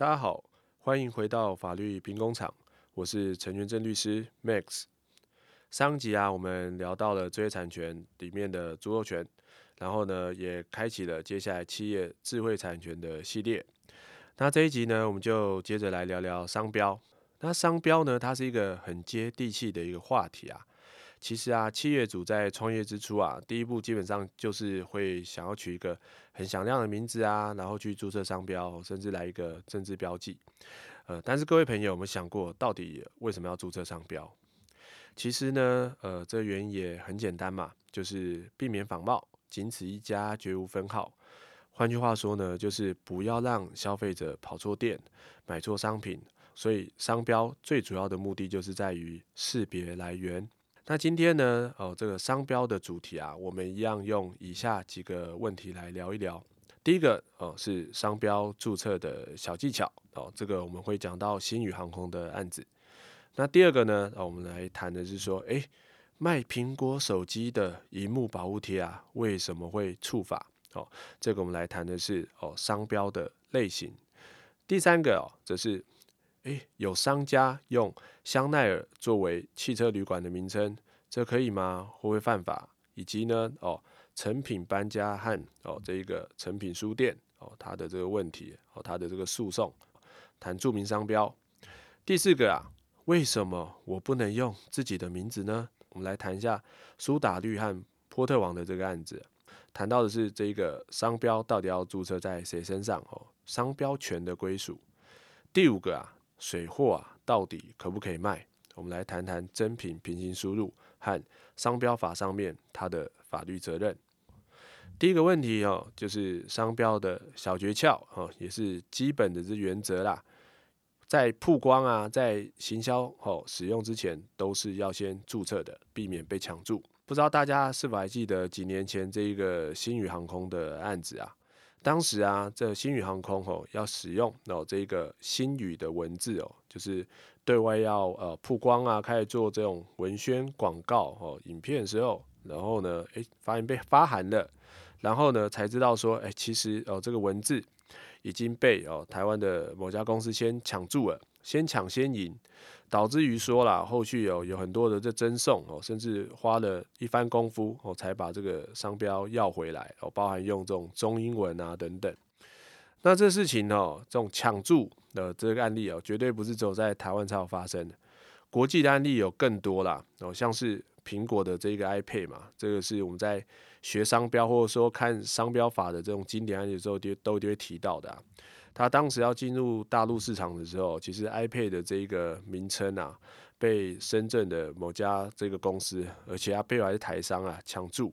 大家好，歡迎回到法律兵工廠，我是陳全正律師 Max。上一集啊，我們聊到了知識產權裡面的著作權，然後呢，也開啟了接下來企業智慧產權的系列。那這一集呢，我們就接着來聊聊商標。那商標呢，它是一個很接地氣的一個話題啊。其實啊，企業主在創業之初啊，第一步基本上就是會想要取一個很響亮的名字啊，然後去註冊商標，甚至來一個正字標記。呃，但是各位朋友，有沒有想過，到底為什麼要註冊商標？其實呢，呃，這個、原因也很簡單嘛，就是避免仿冒，僅此一家，絕無分號。換句話說呢，就是不要讓消費者跑錯店，買錯商品。所以，商標最主要的目的就是在於識別來源。那今天呢，哦，這個商標的主題啊，我們一樣用以下幾個問題來聊一聊。第一個哦，是商標注冊的小技巧哦，這個我們會講到星宇航空的案子。那第二個呢，哦、我們來談的是說，哎，賣蘋果手機的熒幕保護貼啊，為什麼會觸法哦，這個我們來談的是哦，商標的類型。第三個、哦、則是。誒，有商家用香奈兒作為汽車旅館的名稱，這可以嗎？會不會犯法？以及呢，哦，誠品搬家和哦，這一個誠品書店哦，它的這個問題哦，它的這個訴訟，談著名商標。第四個啊，為什麼我不能用自己的名字呢？我們來談一下蘇打綠和波特王的這個案子，談到的是這一個商標到底要註冊在誰身上哦？商標權的歸屬。第五個啊。水貨啊，到底可不可以賣？我們來談談真品平行輸入和商標法上面它的法律責任。第一個問題哦，就是商標的小訣竅哦，也是基本的這原則啦。在曝光啊，在行銷哦，使用之前，都是要先註冊的，避免被搶註。不知道大家是否還記得幾年前這個星宇航空的案子啊？當時啊，這個、星宇航空哦要使用，然、哦、這一個星宇的文字哦，就是對外要呃曝光啊，開始做這種文宣廣告哦，影片的時候，然後呢，哎，發現被發函了，然後呢，才知道說，哎，其實哦這個文字已經被哦台灣的某家公司先搶註了。先搶先贏，導致於說啦，後續有有很多的在爭訟哦，甚至花了一番功夫哦，才把這個商標要回來哦，包含用這種中英文啊等等。那這事情哦，這種搶註的這個案例哦，絕對不是只有在台灣才有發生的，國際的案例有更多啦哦，像是蘋果的這個 iPad 嘛，這個是我們在學商標或者說看商標法的這種經典案例之後，都一定會提到的啊。他當時要進入大陸市場的時候，其實 iPad 的這個名稱啊，被深圳的某家這個公司，而且他背後還是台商啊搶注，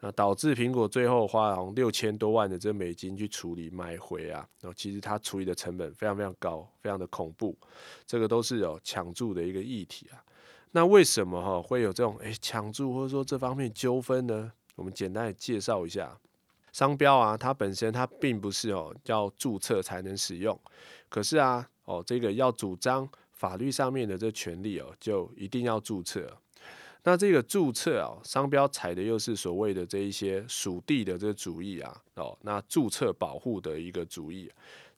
那、啊、導致蘋果最後花六千多萬的這美金去處理買回啊，然、哦、後其實它處理的成本非常非常高，非常的恐怖，這個都是有、哦、搶注的一個議題啊。那為什麼哈、哦、會有這種哎搶注或者說這方面糾紛呢？我們簡單的介紹一下。商標啊，它本身它並不是哦要註冊才能使用，可是啊哦這個要主張法律上面的這權利哦，就一定要註冊。那這個註冊啊，商標採的又是所謂的這一些屬地的這個主義啊哦，那註冊保護的一個主義，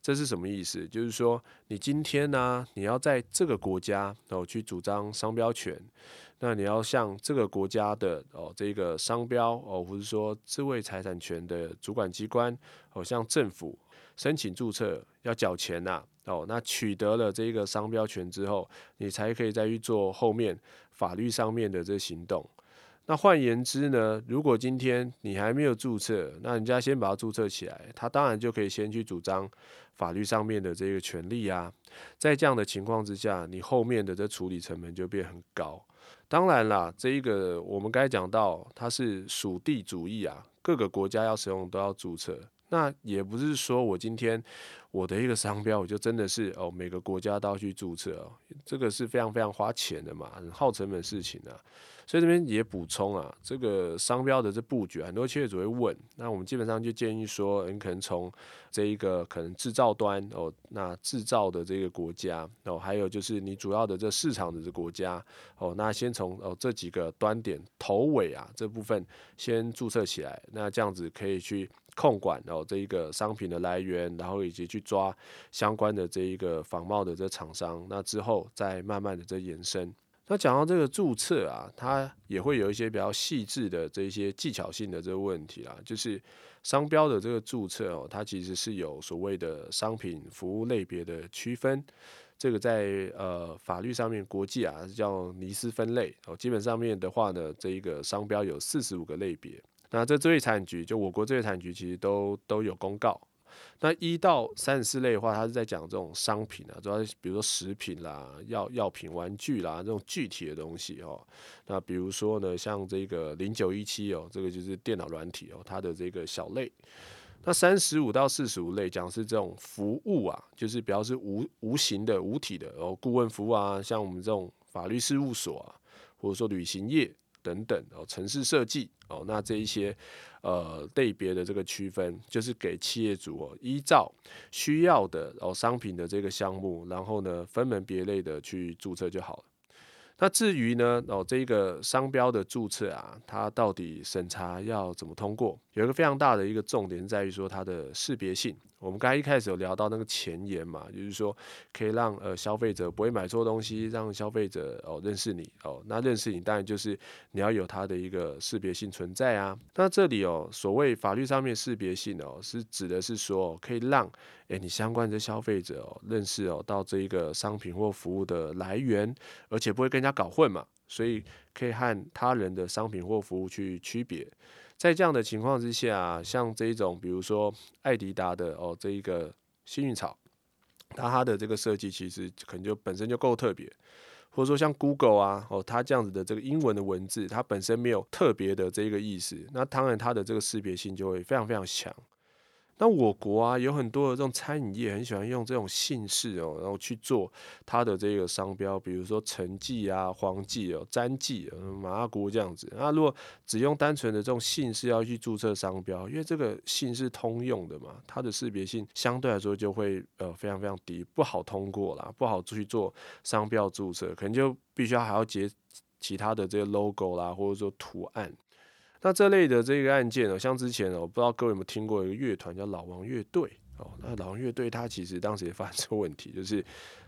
這是什麼意思？就是說你今天呢、啊，你要在這個國家哦去主張商標權。那你要向這個國家的哦，這個商標哦，或者說智慧財產權的主管機關哦，向政府申請註冊，要繳錢呐、啊、哦，那取得了這個商標權之後，你才可以再去做後面法律上面的這行動。那換言之呢，如果今天你還沒有註冊，那人家先把它註冊起來，他當然就可以先去主張法律上面的這個權利啊。在這樣的情況之下，你後面的這處理成本就變很高。當然啦，這一個我們剛才講到，它是屬地主義啊，各個國家要使用都要註冊。那也不是說我今天我的一個商標，我就真的是哦每個國家都要去註冊哦，這個是非常非常花錢的嘛，很耗成本事情啊。所以這邊也補充啊，這個商標的這布局，很多企業主會問，那我們基本上就建議說，你可能從這一個可能製造端哦，那製造的這個國家哦，還有就是你主要的這市場的這個國家哦，那先從哦這幾個端點頭尾啊這部分先註冊起來，那這樣子可以去控管，哦，這一個商品的來源，然後以及去抓相關的這一個仿冒的這廠商，那之後再慢慢的這延伸。那講到這個註冊啊，它也會有一些比較細緻的這一些技巧性的這個問題啊。就是商標的這個註冊哦，它其實是有所謂的商品服務類別的區分，這個在呃法律上面國際啊叫尼斯分類哦，基本上面的話呢，這一個商標有四十五個類別，那這智產局就我國智產局其實都都有公告。1> 那一到三十四類的話，它是在講這種商品啊，主要是比如說食品啦、藥藥品、玩具啦這種具體的東西哦、喔。那比如說呢，像這個零九一七哦，這個就是電腦軟體哦、喔，它的這個小類。那三十五到四十五類講是這種服務啊，就是比較是無無形的、無體的哦，顧問服務啊，像我們這種法律事務所啊，或者說旅行業。等等哦，程式設計哦，那這一些呃類別的這個區分，就是給企業主哦依照需要的哦商品的這個項目，然後呢分門別類的去註冊就好了。那至於呢哦這個商標的註冊啊，它到底審查要怎麼通過？有一個非常大的一個重點在於說它的識別性。我們剛才一開始有聊到那個前言嘛，就是說可以讓呃消費者不會買錯東西，讓消費者哦認識你哦。那認識你當然就是你要有它的一個識別性存在啊。那這裡哦，所謂法律上面識別性哦，是指的是說可以讓誒你相關的消費者哦認識哦到這一個商品或服務的來源，而且不會跟人家搞混嘛，所以可以和他人的商品或服務去區別。在這樣的情況之下，像這一種比如說愛迪達的哦這一個幸運草，它它的這個設計其實可能就本身就夠特別，或者說像 Google 啊哦它這樣子的這個英文的文字，它本身沒有特別的這個意思，那當然它的這個識別性就會非常非常強。那我國啊，有很多的這種餐飲業很喜歡用這種姓氏哦，然後去做它的這個商標，比如說陳記啊、黃記、哦、詹記麻辣鍋這樣子。那、啊、如果只用單純的這種姓氏要去註冊商標，因為這個姓氏通用的嘛，它的識別性相對來說就會呃非常非常低，不好通過啦，不好去做商標註冊，可能就必須要還要結其他的這些 logo 啦，或者說圖案。那這類的這個案件呢，像之前，我不知道各位有沒有聽過一個樂團叫老王樂隊哦。那老王樂隊它其實當時也發生問題，就是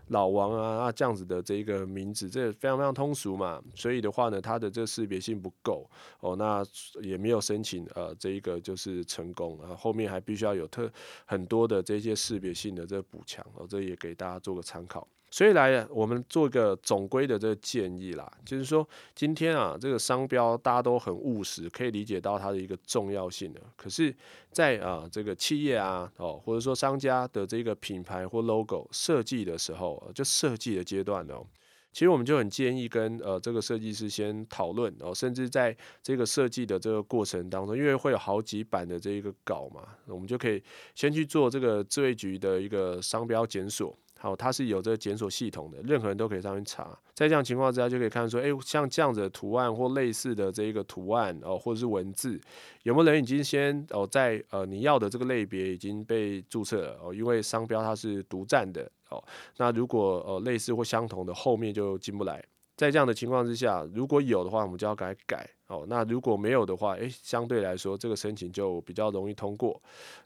老王啊，那這樣子的這一個名字，這個、非常非常通俗嘛，所以的話呢，它的這個識別性不夠哦，那也沒有申請呃這一個就是成功啊、呃，後面還必須要有特很多的這些識別性的這補強哦，這個、也給大家做個參考。所以來，我們做一個總歸的這個建議啦，就是說，今天啊，這個商標大家都很務實，可以理解到它的一個重要性了，可是，在啊這個企業啊哦，或者說商家的這個品牌或 logo 設計的時候，呃、就設計的階段呢、哦，其實我們就很建議跟呃這個設計師先討論，哦，甚至在這個設計的這個過程當中，因為會有好幾版的這個稿嘛，我們就可以先去做這個智慧局的一個商標檢索。好、哦，它是有這個檢索系統的，任何人都可以上去查。在這樣的情況之下，就可以看出，說、欸，像這樣子的圖案或類似的這一個圖案哦，或者是文字，有沒有人已經先哦，在呃你要的這個類別已經被註冊了哦？因為商標它是獨佔的哦。那如果呃類似或相同的後面就進不來。在這樣的情況之下，如果有的話，我們就要改改哦。那如果沒有的話，誒、欸，相對來說這個申請就比較容易通過。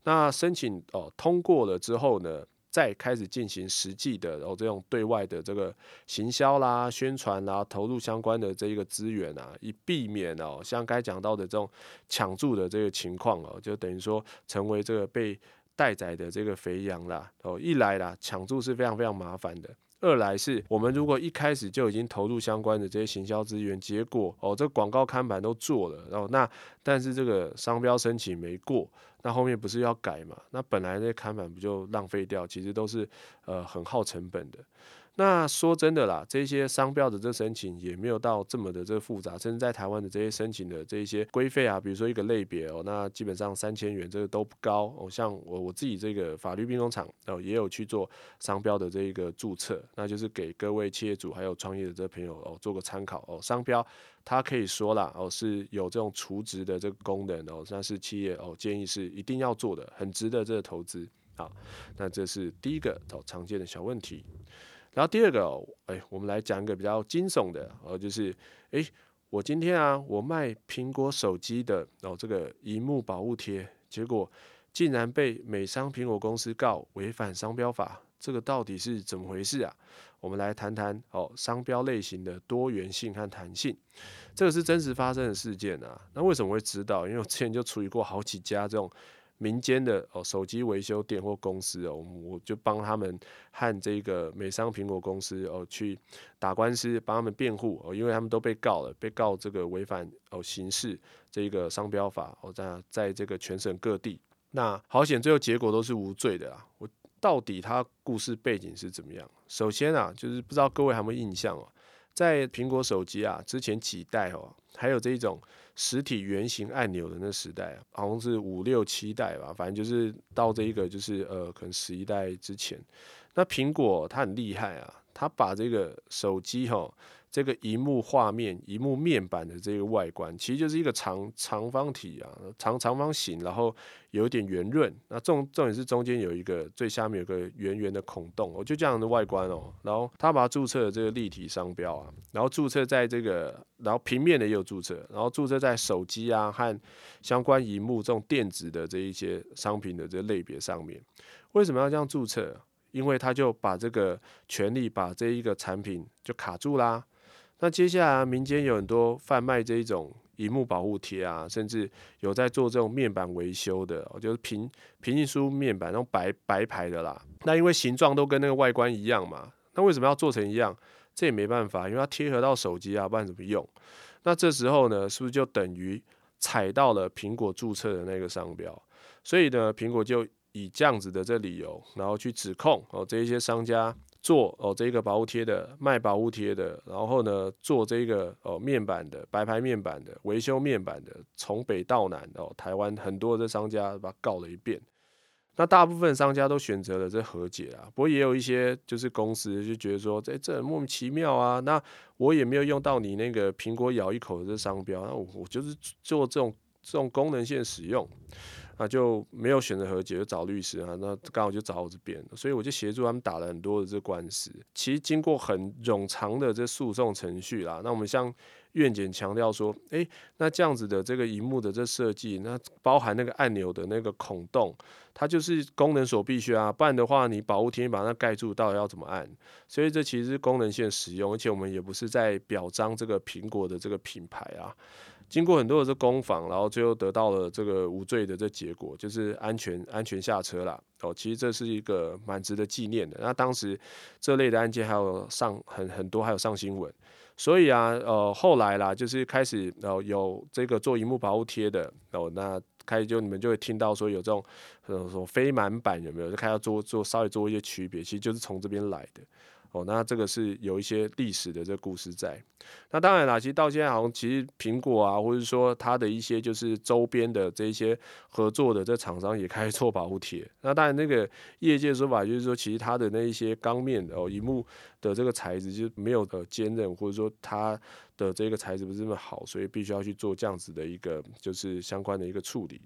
那申請哦、呃、通過了之後呢？再開始進行實際的，然、哦、後這種對外的這個行銷啦、宣傳啦，投入相關的這一個資源啊，以避免哦像剛才講到的這種搶注的這個情況哦，就等於說成為這個被待宰的這個肥羊啦哦，一來啦搶注是非常非常麻煩的。二來是我們如果一開始就已經投入相關的這些行銷資源，結果哦，這廣告看板都做了，然後、哦、那但是這個商標申請沒過，那後面不是要改嘛？那本來那些看板不就浪費掉？其實都是呃很耗成本的。那說真的啦，這些商標的這個申請也沒有到這麼的這個複雜，甚至在台灣的這些申請的這些規費啊，比如說一個類別哦，那基本上三千元這個都不高哦。像我我自己這個法律兵工廠哦，也有去做商標的這一個註冊，那就是給各位企業主還有創業的這個朋友哦做個參考哦。商標它可以說啦哦是有這種儲值的這個功能哦，但是企業哦建議是一定要做的，很值得這個投資啊。那這是第一個哦常見的小問題。然後第二個，哎，我們來講一個比較驚悚的呃，就是，哎，我今天啊，我賣蘋果手機的，哦，這個熒幕保護貼，結果竟然被美商蘋果公司告違反商標法，這個到底是怎麼回事啊？我們來談談哦，商標類型的多元性和彈性，這個是真實發生的事件啊。那為什麼會知道？因為我之前就處理過好幾家這種。民間的哦手機維修店或公司哦，我我就幫他們和這個美商蘋果公司哦去打官司，幫他們辯護哦，因為他們都被告了，被告這個違反哦刑事這個商標法哦，在在這個全省各地，那好險最後結果都是無罪的啊。我到底他故事背景是怎麼樣？首先啊，就是不知道各位有沒有印象哦、啊。在蘋果手機啊，之前幾代哦，還有這一種實體圓形按鈕的那時代，好像是五六七代吧，反正就是到這一個就是呃，可能十一代之前，那蘋果它很厲害啊，它把這個手機吼。這個螢幕畫面、螢幕面板的這個外觀，其實就是一個長長方體啊，長長方形，然後有點圓潤。那重重點是中間有一個最下面有個圓圓的孔洞，我就這樣的外觀哦。然後他把它註冊這個立體商標啊，然後註冊在這個，然後平面的也有註冊，然後註冊在手機啊和相關螢幕這種電子的這一些商品的這類別上面。為什麼要這樣註冊？因為他就把這個權利把這一個產品就卡住啦。那接下來啊，民間有很多販賣這一種熒幕保護貼啊，甚至有在做這種面板維修的，我覺得平、平行輸入面板，那種白白牌的啦。那因為形狀都跟那個外觀一樣嘛，那為什麼要做成一樣？這也沒辦法，因為它貼合到手機啊，不然怎麼用？那這時候呢，是不是就等於踩到了蘋果註冊的那個商標？所以呢，蘋果就以這樣子的這理由，然後去指控哦這一些商家。做哦，這個保護貼的，賣保護貼的，然後呢，做這個哦面板的，白牌面板的，維修面板的，從北到南哦，台灣很多的這商家把它告了一遍，那大部分商家都選擇了這和解啊，不過也有一些就是公司就覺得說在，哎，這莫名其妙啊，那我也沒有用到你那個蘋果咬一口的這商標，那我，我就是做這種這種功能性使用，那、啊、就沒有選擇和解，就找律師啊。那剛好就找我這邊，所以我就協助他們打了很多的這官司。其實經過很冗長的這訴訟程序啦，那我們向院檢強調說，誒、欸，那這樣子的這個熒幕的這設計，那包含那個按鈕的那個孔洞，它就是功能所必須啊，不然的話你保護貼把它蓋住，到底要怎麼按？所以這其實是功能性使用，而且我們也不是在表彰這個蘋果的這個品牌啊。經過很多的這攻防，然後最後得到了這個無罪的這結果，就是安全安全下車啦哦。其實這是一個蠻值得紀念的。那當時這類的案件還有上很很多，還有上新聞。所以啊，呃，後來啦，就是開始哦、呃，有這個做螢幕保護貼的哦，那開始就你們就會聽到說有這種呃，說非滿版有沒有？就開始做做稍微做一些區別，其實就是從這邊來的。哦，那這個是有一些歷史的這個故事在。那當然啦，其實到現在好像其實蘋果啊，或者說它的一些就是周邊的這一些合作的這廠商也開始做保護貼。那當然，那個業界說法就是說，其實它的那一些鋼面的哦，熒幕的這個材質就是沒有呃堅韌，或者說它的這個材質不是那麼好，所以必須要去做這樣子的一個就是相關的一個處理。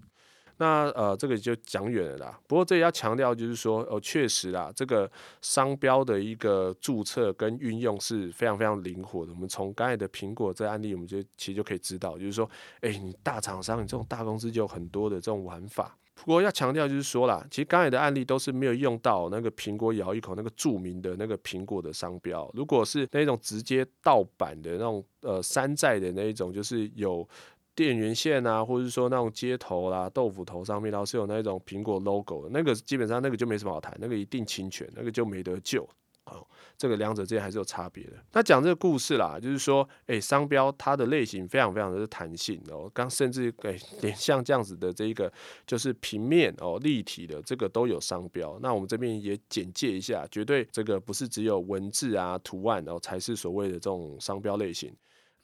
那呃，這個就講遠了啦。不過這裡要強調就是說，哦、呃，確實啦，這個商標的一個註冊跟運用是非常非常靈活的。我們從剛才的蘋果這案例，我們就其實就可以知道，就是說，誒，你大廠商，你這種大公司就有很多的這種玩法。不過要強調就是說啦，其實剛才的案例都是沒有用到那個蘋果咬一口那個著名的那個蘋果的商標。如果是那種直接盜版的那種呃山寨的那一種，就是有。電源線啊，或者是說那種接頭啦、啊、豆腐頭上面，然後是有那種蘋果 logo 的那個，基本上那個就沒什麼好談，那個一定侵權，那個就沒得救啊、哦。這個兩者之間還是有差別的。那講這個故事啦，就是說，誒，商標它的類型非常非常的彈性哦，剛甚至誒，連像這樣子的這個就是平面哦、立體的這個都有商標。那我們這邊也簡介一下，絕對這個不是只有文字啊、圖案哦，才是所謂的這種商標類型。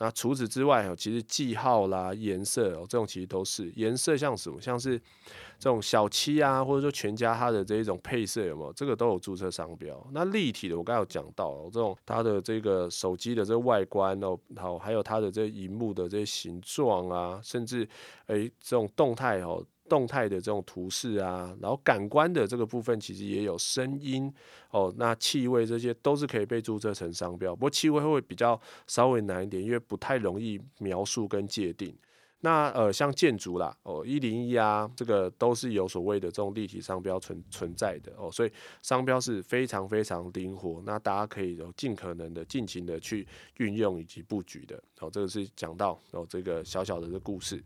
那除此之外，哦，其實記號啦、顏色哦，這種其實都是顏色，像什麼，像是這種小七啊，或者說全家它的這一種配色有沒有？這個都有註冊商標。那立體的，我剛剛有講到，這種它的這個手機的這個外觀哦，好，還有它的這個熒幕的這些形狀啊，甚至誒這種動態哦。動態的這種圖示啊，然後感官的這個部分其實也有聲音哦，那氣味這些都是可以被註冊成商標。不過氣味會比較稍微難一點，因為不太容易描述跟界定。那呃，像建築啦，哦，一零一啊，這個都是有所謂的這種立體商標存存在的哦，所以商標是非常非常靈活，那大家可以有盡可能的盡情的去運用以及布局的。然、哦、這個是講到，哦，這個小小的這個故事，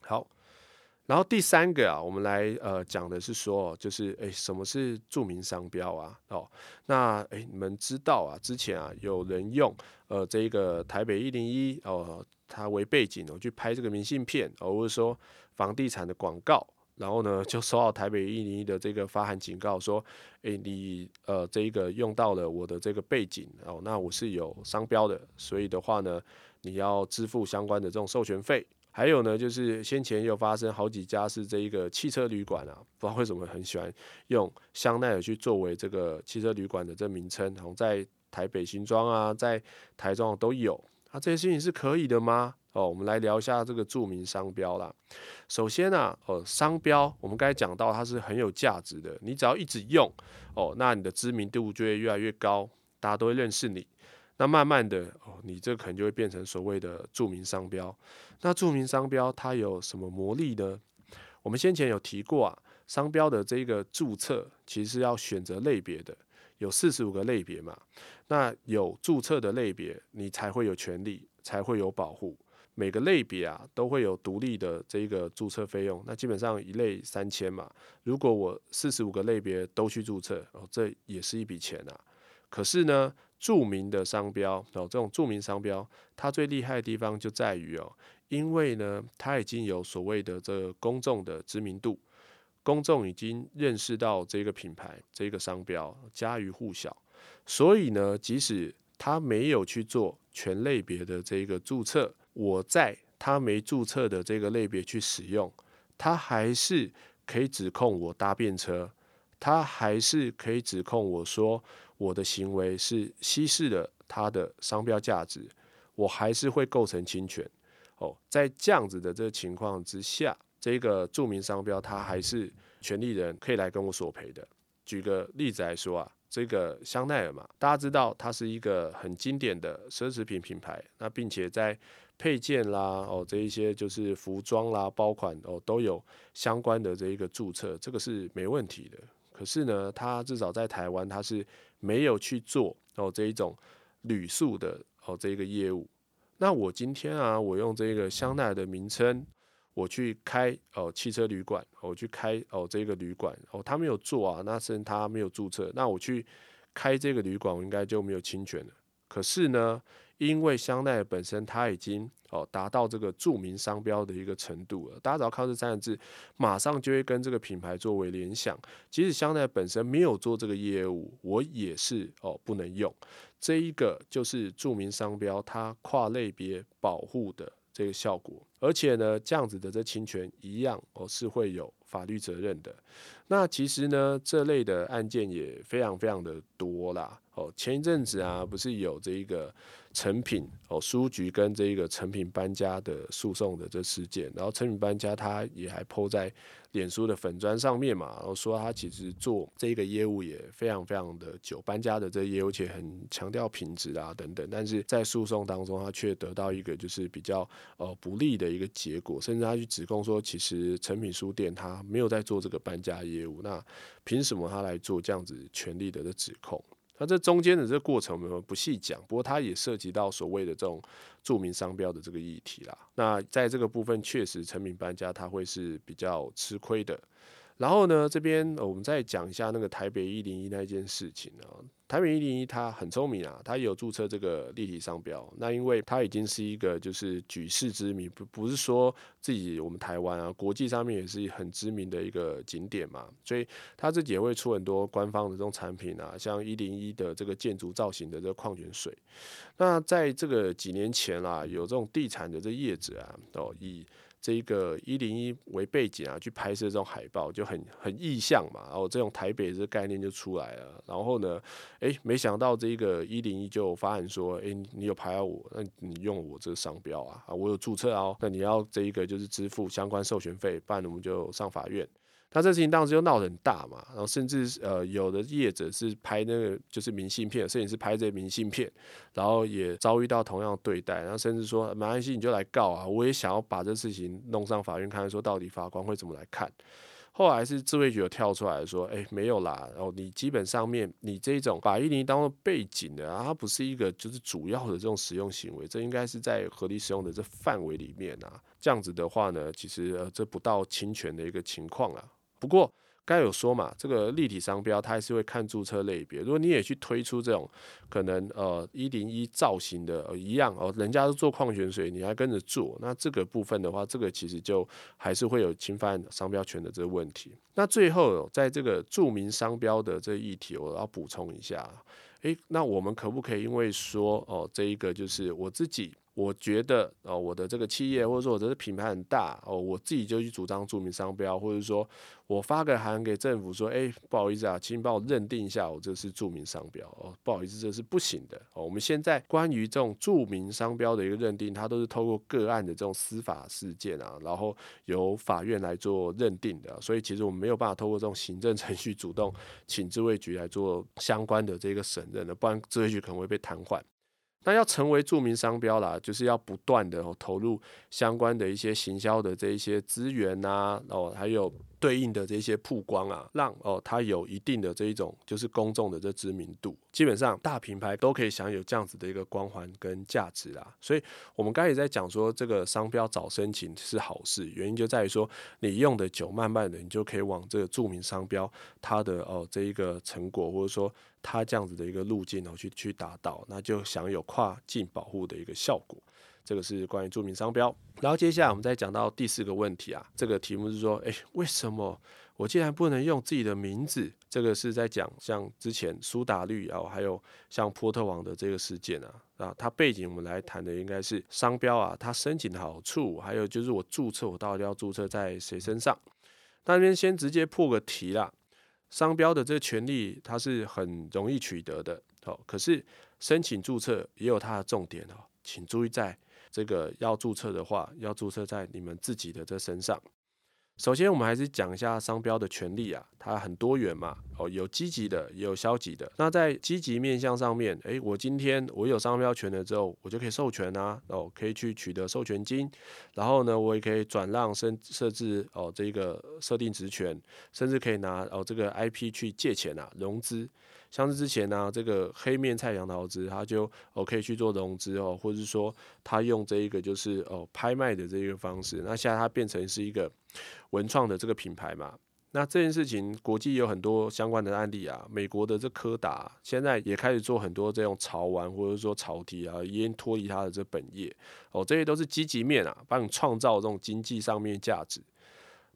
好。然後第三個啊，我們來呃講的是說，就是哎，什麼是著名商標啊？哦，那哎，你們知道啊？之前啊，有人用呃這一個台北一零一哦，它為背景哦、呃，去拍這個明信片、呃，或者說房地產的廣告，然後呢就收到台北一零一的這個發函警告說，哎，你呃這一個用到了我的這個背景哦、呃，那我是有商標的，所以的話呢，你要支付相關的這種授權費。還有呢，就是先前有發生好幾家是這一個汽車旅館啊，不知道為什麼很喜歡用香奈兒去作為這個汽車旅館的這名稱，同在台北新莊啊，在台中、啊、都有。那、啊、這些事情是可以的嗎？哦，我們來聊一下這個著名商標啦。首先呢、啊，呃、哦，商標我們剛才講到它是很有價值的，你只要一直用哦，那你的知名度就會越來越高，大家都會認識你。那慢慢的哦，你這可能就會變成所謂的著名商標。那著名商標它有什麼魔力呢？我們先前有提過啊，商標的這個註冊其實是要選擇類別的，有四十五個類別嘛。那有註冊的類別，你才會有權利，才會有保護。每個類別啊都會有獨立的這個註冊費用，那基本上一類三千嘛。如果我四十五個類別都去註冊，哦，這也是一筆錢啊。可是呢，著名的商標哦，這種著名商標，它最厲害的地方就在於哦，因為呢，它已經有所謂的這個公眾的知名度，公眾已經認識到這個品牌、這個商標家喻戶曉，所以呢，即使它沒有去做全類別的這個註冊，我在它沒註冊的這個類別去使用，它還是可以指控我搭便車，它還是可以指控我說。我的行為是稀釋了它的商標價值，我還是會構成侵權。哦，在這樣子的這個情況之下，這個著名商標它還是權利人可以來跟我索賠的。舉個例子來說啊，這個香奈兒嘛，大家知道它是一個很經典的奢侈品品牌，那並且在配件啦、哦這一些就是服裝啦、包款哦都有相關的這一個注冊，這個是沒問題的。可是呢，他至少在台灣，他是沒有去做哦這一種旅宿的哦這個業務。那我今天啊，我用這個香奈兒的名稱，我去開哦汽車旅館，哦、我去開哦這個旅館，哦他沒有做啊，那是他沒有註冊。那我去開這個旅館，我應該就沒有侵權了。可是呢，因為香奈兒本身它，已經哦達到這個著名商標的一個程度了，大家只要看這三個字，馬上就會跟這個品牌作為聯想。即使香奈兒本身沒有做這個業務，我也是哦不能用。這一個就是著名商標它跨類別保護的這個效果。而且呢，這樣子的這侵權一樣哦是會有法律責任的。那其實呢，這類的案件也非常非常的多啦。哦，前一陣子啊，不是有這一個。誠品哦，書局跟這個誠品搬家的訴訟的這事件，然後誠品搬家他也還 PO 在臉書的粉專上面嘛，然後說他其實做這個業務也非常非常的久，搬家的這個業務且很強調品質啊等等，但是在訴訟當中他卻得到一個就是比較呃不利的一個結果，甚至他去指控說其實誠品書店他沒有在做這個搬家業務，那憑什麼他來做這樣子權利的的指控？那這中間的這個過程我們不細講，不過它也涉及到所謂的這種著名商標的這個議題啦。那在這個部分，確實成名搬家他會是比較吃虧的。然後呢，這邊、哦、我們再講一下那個台北一零一那件事情啊。台北一零一它很聰明啊，它有註冊這個立體商標。那因為它已經是一個就是舉世知名，不不是說自己我們台灣啊，國際上面也是很知名的一個景點嘛，所以它自己也會出很多官方的這種產品啊，像一零一的這個建築造型的這個礦泉水。那在這個幾年前啦，啊，有這種地產的這業者啊，都、哦、以這一個一零一為背景啊，去拍攝這種海報就很很意象嘛，然後這種台北這個概念就出來了。然後呢，哎，沒想到這一個一零一就發函說，哎，你有拍到我，那你用我這個商標啊，啊，我有註冊哦，那你要這一個就是支付相關授權費，不然我們就上法院。那這事情當時就鬧得很大嘛，然後甚至呃有的業者是拍那個就是明信片，攝影師拍這明信片，然後也遭遇到同樣對待，然後甚至說馬來西亞你就來告啊，我也想要把這事情弄上法院看看，說到底法官會怎麼來看。後來是智慧局有跳出來說，哎沒有啦，然、哦、後你基本上面你這種把印尼當做背景的啊，它不是一個就是主要的這種使用行為，這應該是在合理使用的這範圍裡面啊，這樣子的話呢，其實、呃、這不到侵權的一個情況啊。不過，剛才有說嘛，這個立體商標它還是會看註冊類別。如果你也去推出這種可能呃一零一造型的、呃、一樣哦、呃，人家都做礦泉水，你還跟着做，那這個部分的話，這個其實就還是會有侵犯商標權的這個問題。那最後、呃、在這個著名商標的這議題，我要補充一下，誒，那我們可不可以因為說哦、呃，這一個就是我自己。我覺得，哦，我的這個企業或者說我的品牌很大，哦，我自己就去主張著名商標，或者說我發個函給政府說，誒、欸，不好意思啊，請你幫我認定一下我這是著名商標。哦，不好意思，這是不行的。哦，我們現在關於這種著名商標的一個認定，它都是透過個案的這種司法事件啊，然後由法院來做認定的、啊。所以其實我們沒有辦法透過這種行政程序主動請智慧局來做相關的這個審認的，不然智慧局可能會被癱瘓。那要成為著名商標啦，就是要不斷的、哦、投入相關的一些行銷的這一些資源啊，哦，還有，對應的這些曝光啊，讓哦它有一定的這一種就是公眾的這知名度，基本上大品牌都可以享有這樣子的一個光環跟價值啦。所以我們剛才也在講說，這個商標早申請是好事，原因就在於說你用的久，慢慢的你就可以往這個著名商標它的哦這一個成果，或者說它這樣子的一個路徑然後，哦去去達到，那就享有跨境保護的一個效果。這個是關於著名商標，然後接下來我們再講到第四個問題啊，這個題目是說，哎，為什麼我竟然不能用自己的名字？這個是在講像之前蘇打綠啊、哦，還有像波特王的這個事件啊，啊，它背景我們來談的應該是商標啊，它申請的好處，還有就是我注冊，我到底要注冊在誰身上？那邊先直接破個題啦。商標的這個權利它是很容易取得的，好、哦，可是申請注冊也有它的重點哦，請注意在。這個要注冊的話，要注冊在你們自己的這身上。首先，我們還是講一下商標的權利啊，它很多元嘛，哦，有積極的，也有消極的。那在積極面向上面，誒，我今天我有商標權了之後，我就可以授權啊，哦，可以去取得授權金，然後呢，我也可以轉讓，設置哦，這個設定質權，甚至可以拿哦這個 IP 去借錢啊，融資。像是之前呢、啊，這個黑面蔡楊桃汁，他就哦可以去做融資哦，或者是說他用這一個就是哦拍賣的這一個方式，那現在他變成是一個文創的這個品牌嘛。那這件事情，國際有很多相關的案例啊，美國的這柯達、啊、現在也開始做很多這種潮玩或者說潮 T 啊，已經脫離它的這本業哦，這些都是積極面啊，幫你創造這種經濟上面價值。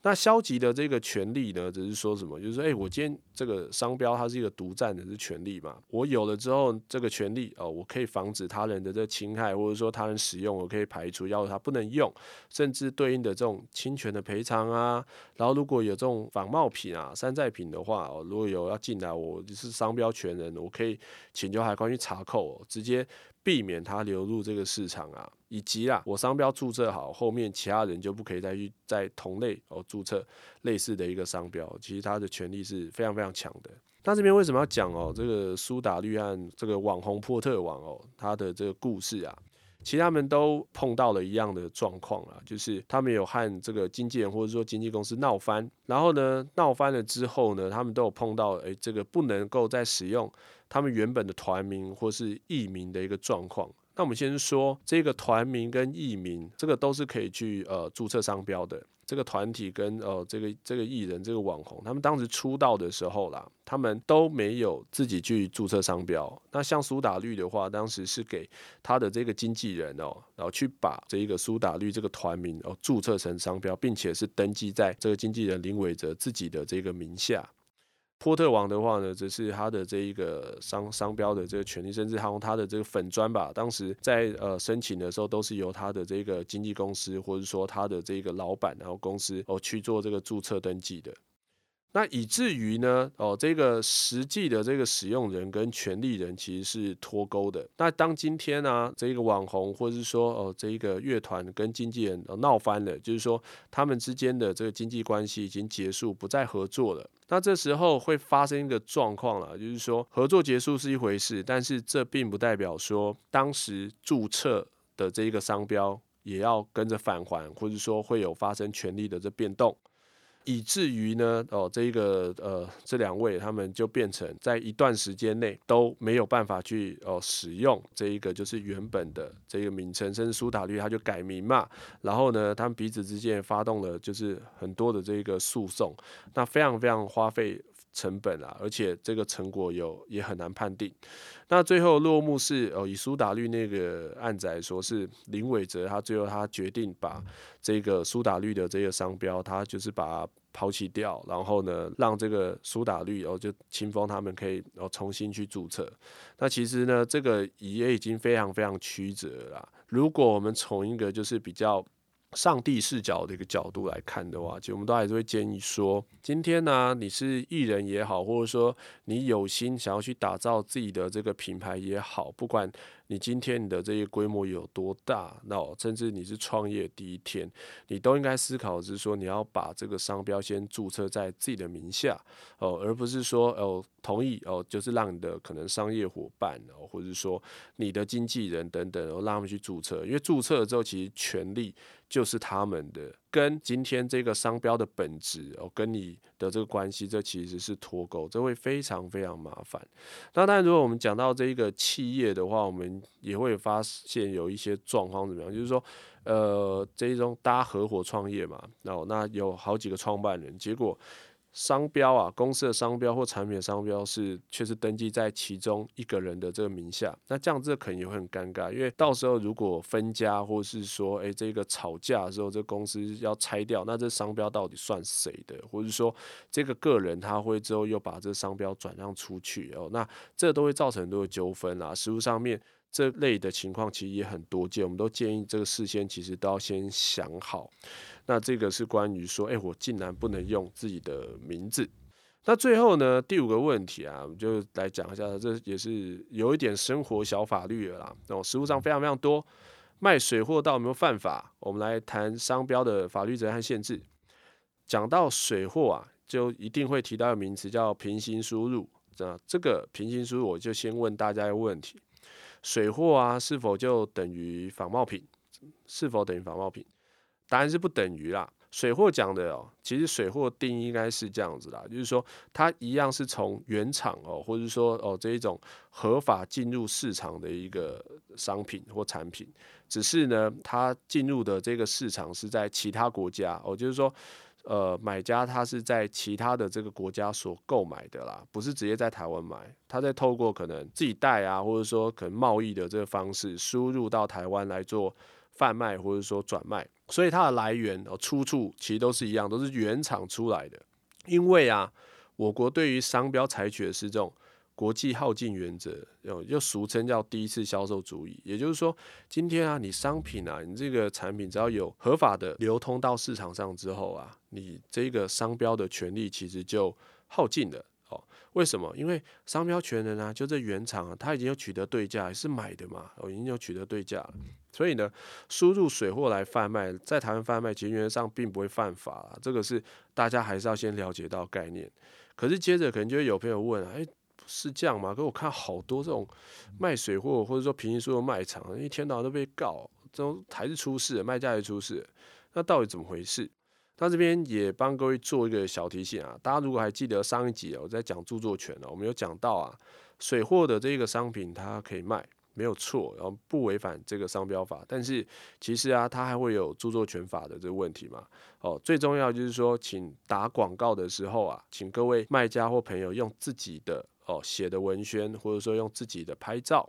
那消極的這個權利呢，只是是說什麼？就是說，哎、欸，我今天這個商標它是一個獨佔的，是權利嘛，我有了之後，這個權利哦，我可以防止他人的這個侵害，或者說他人使用，我可以排除，要他不能用，甚至對應的這種侵權的賠償啊。然後如果有這種仿冒品啊、山寨品的話，哦、如果有要進來，我就是商標權人，我可以請求海關去查扣，直接。避免它流入這個市場啊，以及啊，我商標註冊好，後面其他人就不可以再去在同類哦註冊類似的一個商標。其實它的權利是非常非常強的。那這邊為什麼要講哦，這個蘇打綠案，這個網紅波特王哦，它的這個故事啊？其實他們都碰到了一樣的狀況啊，就是他們有和這個經紀人或者說經紀公司鬧翻，然後呢，鬧翻了之後呢，他們都有碰到，誒，這個不能夠再使用他們原本的團名或是藝名的一個狀況。那我們先說這個團名跟藝名，這個都是可以去呃註冊商標的。這個團體跟呃這個這個藝人、這個網紅，他們當時出道的時候啦，他們都沒有自己去註冊商標。那像蘇打綠的話，當時是給他的這個經紀人哦，然後去把這個蘇打綠這個團名哦註冊成商標，並且是登記在這個經紀人林暐哲自己的這個名下。波特王的話呢，只是他的這一個商商標的這個權利，甚至還有他的這個粉專吧，當時在呃申請的時候，都是由他的這個經紀公司，或者說他的這個老闆，然後公司哦去做這個註冊登記的。那以至於呢，哦，這個實際的這個使用人跟權利人其實是脫鈎的。那當今天呢，啊，這個網紅或者是說哦，這一個樂團跟經紀人鬧翻了，就是說他們之間的這個經濟關係已經結束，不再合作了。那這時候會發生一個狀況啦，就是說合作結束是一回事，但是這並不代表說當時注冊的這一個商標也要跟着返還，或者說會有發生權利的這變動。以至於呢，哦，這一個呃，這兩位他們就變成在一段時間內都沒有辦法去哦使用這一個就是原本的這個名稱，甚至蘇打綠，他就改名嘛。然後呢，他們彼此之間發動了就是很多的這個訴訟，那非常非常花費成本啦，啊，而且這個成果有也很難判定。那最後落幕是哦，以蘇打綠那個案子來說，是林暐哲他最後他決定把這個蘇打綠的這個商標，他就是把它拋棄掉，然後呢，讓這個蘇打綠哦就青峰他們可以哦重新去註冊。那其實呢，這個也、e、已經非常非常曲折了啦。如果我們從一個就是比較。上帝視角的一個角度來看的話，其實我們都還是會建議說，今天呢、啊，你是藝人也好，或者說你有心想要去打造自己的這個品牌也好，不管。你今天你的這些規模有多大？那甚至你是創業第一天，你都應該思考，就是說你要把這個商標先注冊在自己的名下，哦、呃，而不是說哦、呃、同意哦、呃，就是讓你的可能商業夥伴，哦、呃，或者說你的經紀人等等，呃、然後讓他們去注冊，因為注冊了之後，其實權利就是他們的。跟今天這個商標的本質哦，跟你的這個關係，這其實是脫鈎，這會非常非常麻煩。那當然，如果我們講到這一個企業的話，我們也會發現有一些狀況怎麼樣，就是說，呃，這一種大家合夥創業嘛，哦，那有好幾個創辦人，結果。商標啊，公司的商標或產品的商標是，卻是登記在其中一個人的這個名下。那這樣子可能也會很尷尬，因為到時候如果分家，或是說，誒、欸、這個吵架的時候，這個、公司要拆掉，那這商標到底算誰的？或者是說，這個個人他會之後又把這商標轉讓出去哦、喔，那這都會造成很多的糾紛啊，實物上面。這類的情況其實也很多見，我們都建議這個事先其實都要先想好。那這個是關於說，誒，我竟然不能用自己的名字。那最後呢，第五個問題啊，我們就來講一下，這也是有一點生活小法律了啦。那我實務上非常非常多，賣水貨到底有沒有犯法？我們來談商標的法律責任限制。講到水貨啊，就一定會提到一個名詞叫平行輸入。那這個平行輸入，我就先問大家一個問題。水貨啊，是否就等於仿冒品？是否等於仿冒品？答案是不等於啦。水貨講的哦，其實水貨定義應該是這樣子啦，就是說它一樣是從原廠哦，或者是說哦這一種合法進入市場的一個商品或產品，只是呢它進入的這個市場是在其他國家哦，就是說。呃，買家他是在其他的這個國家所購買的啦，不是直接在台灣買，他在透過可能自己帶啊，或者說可能貿易的這個方式輸入到台灣來做販賣或者說轉賣，所以它的來源和，呃，出處其實都是一樣，都是原廠出來的。因為啊，我國對於商標採取的是這種。國際耗盡原則，有又俗稱叫第一次銷售主義，也就是說，今天啊，你商品啊，你這個產品，只要有合法的流通到市場上之後啊，你這個商標的權利其實就耗盡了哦。為什麼？因為商標權人啊，就這原廠啊，他已經有取得對價，是買的嘛，哦，已經有取得對價了。所以呢，輸入水貨來販賣，在台灣販賣，其實原則上並不會犯法，這個是大家還是要先了解到概念。可是接着可能就會有朋友問啊，欸是這樣嗎？可是我看好多這種賣水貨或者說平行書的賣場，一天到晚都被告，這種還是出事，賣家也出事。那到底怎麼回事？那這邊也幫各位做一個小提醒啊！大家如果還記得上一集，哦，我在講著作權呢，哦，我們有講到啊，水貨的這個商品它可以賣，沒有錯，然後不違反這個商標法，但是其實啊，它還會有著作權法的這個問題嘛？哦，最重要就是說，請打廣告的時候啊，請各位賣家或朋友用自己的。哦，寫的文宣，或者說用自己的拍照，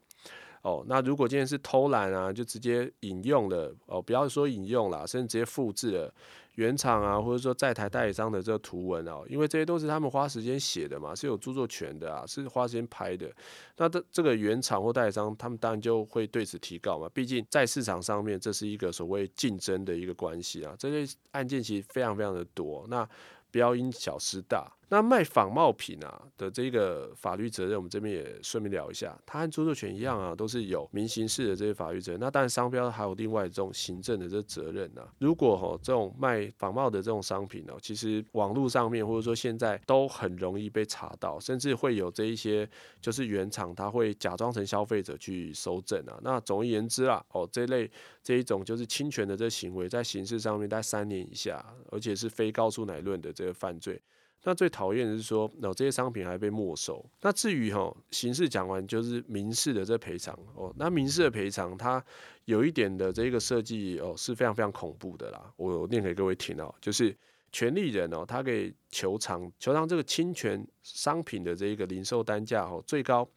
哦，那如果今天是偷懶啊，就直接引用了，哦，不要說引用了，甚至直接複製了原廠啊，或者說在台代理商的這個圖文啊，因為這些都是他們花時間寫的嘛，是有著作權的啊，是花時間拍的，那這這個原廠或代理商，他們當然就會對此提告嘛，畢竟在市場上面這是一個所謂競爭的一個關係啊，這些案件其實非常非常的多，那不要因小失大。那賣仿冒品啊的這個法律責任，我們這邊也順便聊一下。它和著作權一樣啊,都是有民刑事的這些法律責任。那當然，商標還有另外一種行政的這責任呢、啊。如果哦這種賣仿冒的這種商品呢、哦,其實網絡上面或者說現在都很容易被查到,甚至會有這一些就是原廠它會假裝成消費者去搜證。啊,那總而言之啊,哦這一類這一種就是侵權的這行為,在刑事上面大概三年以下,而且是非告訴乃論的這個犯罪。那最討厭的是說，哦，這些商品還被沒收。那至於吼，刑事講完就是民事的這賠償哦。那民事的賠償，它有一點的這個設計哦，是非常非常恐怖的啦。我念給各位聽哦，就是權利人哦，他可以求償，求償這個侵權商品的這個零售單價哦，最高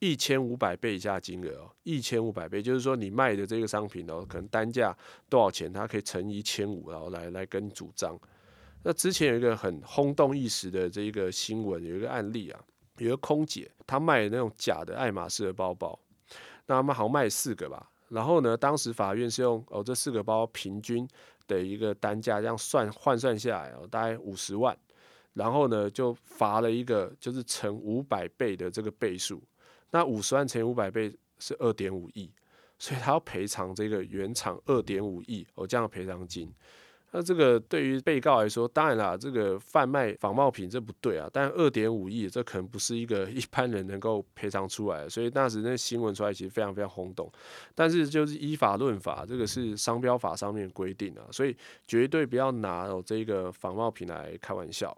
一千五百倍以下的金額哦，一千五百倍，就是說你賣的這個商品哦，可能單價多少錢，它可以乘一千五，然後來來跟你主張。那之前有一個很轟動一時的這一個新聞，有一個案例啊，有個空姐她賣那種假的愛馬仕的包包，那麼好像賣四個吧，然後呢，當時法院是用哦這四個包平均的一個單價這樣算換算下來哦大概五十萬，然後呢就罰了一個就是乘五百倍的這個倍數，那五十萬乘以五百倍是二點五億，所以他要賠償這個原廠二點五億哦這樣的賠償金。那這個對於被告來說，當然啦，這個販賣仿冒品這不對啊。但二點五億，這可能不是一個一般人能夠賠償出來的。所以當時那新聞出來，其實非常非常轟動。但是就是依法論法，這個是商標法上面的規定啊，所以絕對不要拿這個仿冒品來開玩笑。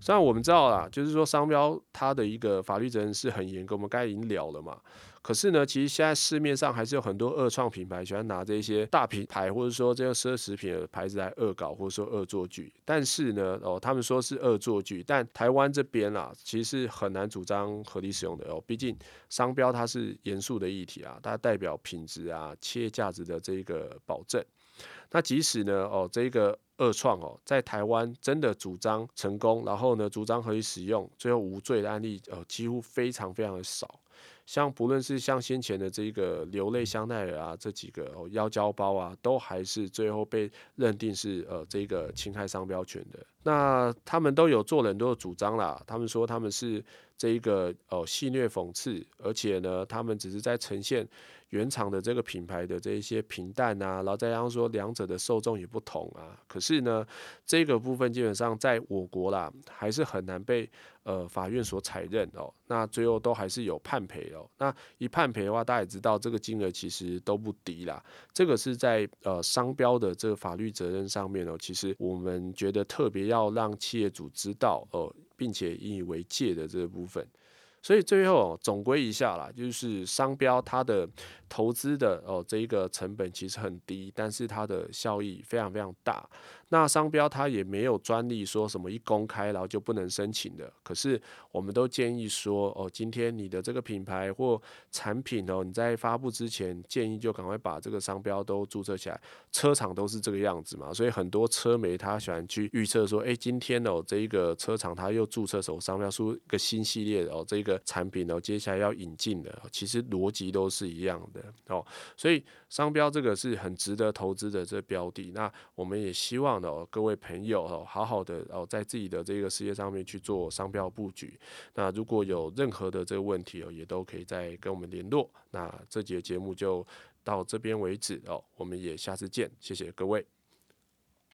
雖然我們知道啦，就是說商標它的一個法律責任是很嚴格，我們剛才已經聊了嘛。可是呢，其實現在市面上還是有很多二創品牌喜歡拿這些大品牌或者說這個奢侈品的牌子來惡搞或者說惡作劇。但是呢，哦，他們說是惡作劇，但台灣這邊啊，其實是很難主張合理使用的哦。畢竟商標它是嚴肅的議題啊，它代表品質啊、企業價值的這個保證。那即使呢，哦，這個二創哦，在台灣真的主張成功，然後呢，主張合理使用，最後無罪的案例，哦、呃，幾乎非常非常的少。像不論是像先前的這個流淚香奈兒啊，這幾個哦腰膠包啊，都還是最後被認定是呃這個侵害商標權的。那他們都有做了很多的主張啦，他們說他們是這一個哦戲謔諷刺，而且呢，他們只是在呈現。原廠的這個品牌的這一些平淡啊，然後再加上說兩者的受眾也不同啊，可是呢，這個部分基本上在我國啦，還是很難被呃法院所採認哦。那最後都還是有判賠哦。那一判賠的話，大家也知道這個金額其實都不低啦。這個是在呃商標的這個法律責任上面哦，其實我們覺得特別要讓企業主知道呃，並且引以為戒的這個部分。所以最後總歸一下啦，就是商標它的投資的哦，這一個成本其實很低，但是它的效益非常非常大。那商標它也沒有專利，說什麼一公開然後就不能申請的。可是我們都建議說，哦，今天你的這個品牌或產品哦，你在發布之前，建議就趕快把這個商標都註冊起來。車廠都是這個樣子嘛，所以很多車媒他喜歡去預測說，哎、欸，今天哦這一個車廠他又註冊什麼商標，出一個新系列，哦，這一個產品，哦，接下來要引進的，其實邏輯都是一樣的哦。所以商標這個是很值得投資的這標的。那我們也希望。哦、各位朋友，哦、好好的哦，在自己的這個事業上面去做商標布局。那如果有任何的這個問題哦，也都可以再跟我們聯絡。那這節節目就到這邊為止哦，我們也下次見，謝謝各位。